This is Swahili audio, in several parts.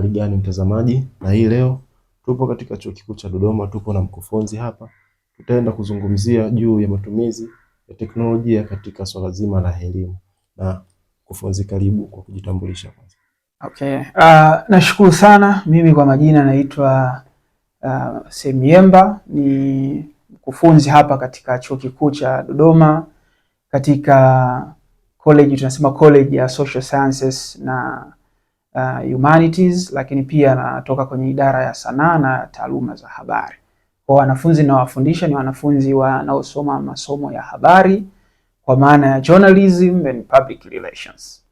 Habari gani mtazamaji, na hii leo tupo katika chuo kikuu cha Dodoma, tupo na mkufunzi hapa. Tutaenda kuzungumzia juu ya matumizi ya teknolojia katika swala zima la elimu, na mkufunzi, karibu kwa kujitambulisha kwanza. Okay. Uh, nashukuru sana. Mimi kwa majina naitwa uh, Semiemba, ni mkufunzi hapa katika chuo kikuu cha Dodoma katika college tunasema college ya social sciences na uh, humanities, lakini pia anatoka kwenye idara ya sanaa na taaluma za habari. Kwa wanafunzi nawafundisha ni wanafunzi wanaosoma masomo ya habari kwa maana ya journalism and public relations.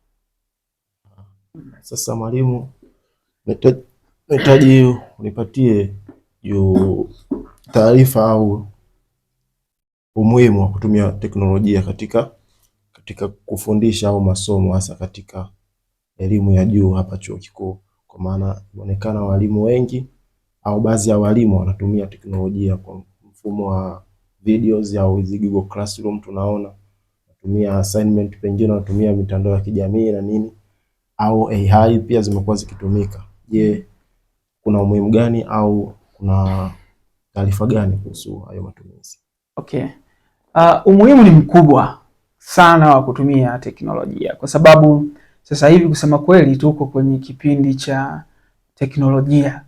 Sasa mwalimu, nahitaji unipatie juu taarifa au umuhimu wa kutumia teknolojia katika katika kufundisha au masomo hasa katika elimu ya juu hapa chuo kikuu, kwa maana inaonekana walimu wengi au baadhi ya walimu wanatumia teknolojia kwa mfumo wa videos au hizi Google Classroom tunaona wanatumia assignment, pengine wanatumia mitandao ya kijamii na nini au AI pia zimekuwa zikitumika. Je, kuna umuhimu gani au kuna taarifa gani kuhusu hayo matumizi? Okay. Uh, umuhimu ni mkubwa sana wa kutumia teknolojia kwa sababu sasa hivi kusema kweli, tuko kwenye kipindi cha teknolojia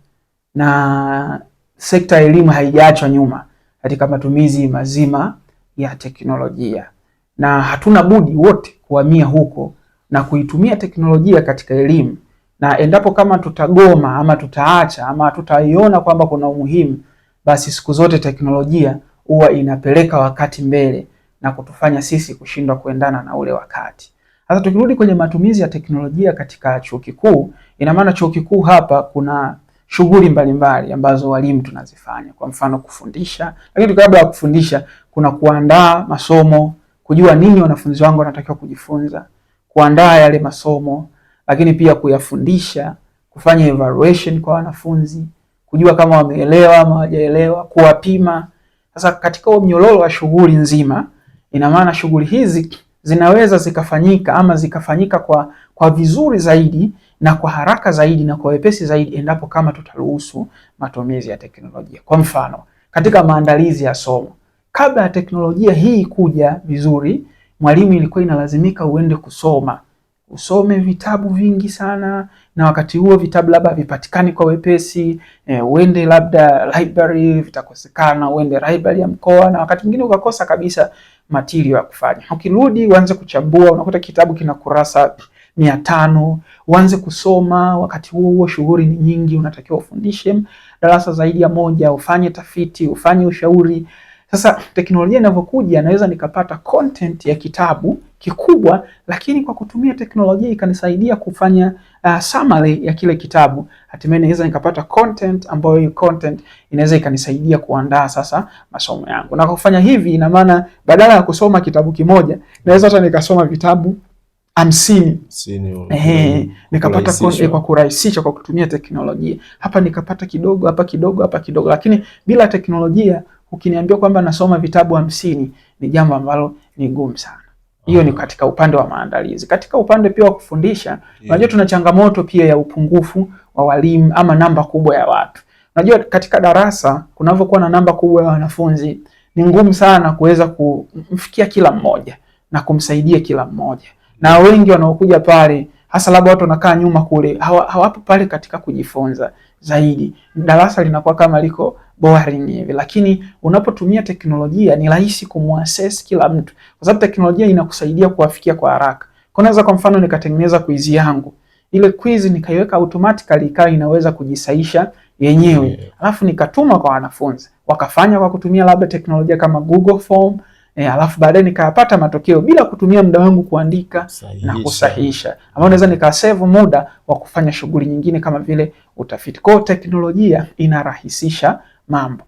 na sekta ya elimu haijaachwa nyuma katika matumizi mazima ya teknolojia, na hatuna budi wote kuhamia huko na kuitumia teknolojia katika elimu. Na endapo kama tutagoma ama tutaacha ama tutaiona kwamba kuna umuhimu, basi siku zote teknolojia huwa inapeleka wakati mbele na kutufanya sisi kushindwa kuendana na ule wakati. Sasa tukirudi kwenye matumizi ya teknolojia katika chuo kikuu, ina maana chuo kikuu hapa kuna shughuli mbalimbali ambazo walimu tunazifanya, kwa mfano kufundisha, lakini kabla ya kufundisha kuna kuandaa masomo, kujua nini wanafunzi wangu wanatakiwa kujifunza, kuandaa yale masomo, lakini pia kuyafundisha, kufanya evaluation kwa wanafunzi, kujua kama wameelewa ama hawajaelewa, kuwapima. Sasa katika mnyororo wa shughuli nzima, ina maana shughuli hizi zinaweza zikafanyika ama zikafanyika kwa, kwa vizuri zaidi na kwa haraka zaidi na kwa wepesi zaidi endapo kama tutaruhusu matumizi ya teknolojia. Kwa mfano, katika maandalizi ya somo, kabla ya teknolojia hii kuja vizuri, mwalimu ilikuwa inalazimika uende kusoma usome vitabu vingi sana, na wakati huo vitabu labda havipatikani kwa wepesi e, uende labda library vitakosekana, uende library ya mkoa, na wakati mwingine ukakosa kabisa material ya kufanya. Ukirudi uanze kuchambua, unakuta kitabu kina kurasa mia tano, uanze kusoma. Wakati huo huo shughuli ni nyingi, unatakiwa ufundishe darasa zaidi ya moja, ufanye tafiti, ufanye ushauri. Sasa teknolojia inavyokuja, naweza nikapata content ya kitabu kikubwa, lakini kwa kutumia teknolojia ikanisaidia kufanya uh, summary ya kile kitabu, hatimaye naweza nikapata content ambayo hiyo content inaweza ikanisaidia kuandaa sasa masomo yangu. Na kwa kufanya hivi, ina maana badala ya kusoma kitabu kimoja naweza hata nikasoma vitabu hamsini eh, nikapata kozi kwa kurahisisha kwa kutumia teknolojia. Hapa nikapata kidogo, hapa kidogo, hapa kidogo, lakini bila teknolojia ukiniambia kwamba nasoma vitabu hamsini ni jambo ambalo ni gumu sana. Hiyo ni katika upande wa maandalizi. Katika upande pia wa kufundisha, unajua yeah. tuna changamoto pia ya upungufu wa walimu ama namba kubwa ya watu. Unajua katika darasa kunavyokuwa na namba kubwa ya wanafunzi, ni ngumu sana kuweza kumfikia kila mmoja na kumsaidia kila mmoja, na wengi wanaokuja pale hasa labda watu wanakaa nyuma kule, hawapo pale katika kujifunza zaidi, darasa linakuwa kama liko boring hivi, lakini unapotumia teknolojia ni rahisi kumuassess kila mtu, kwa sababu teknolojia inakusaidia kuwafikia kwa haraka. Kwa naweza kwa mfano nikatengeneza quiz yangu, ile quiz nikaiweka automatically ikawa inaweza kujisaisha yenyewe yeah. Alafu nikatuma kwa wanafunzi wakafanya kwa kutumia labda teknolojia kama Google Form e, alafu baadaye nikayapata matokeo bila kutumia muda wangu kuandika sahisha na kusahihisha, ambao naweza nikasave muda wa kufanya shughuli nyingine kama vile utafiti. Kwa teknolojia inarahisisha mambo.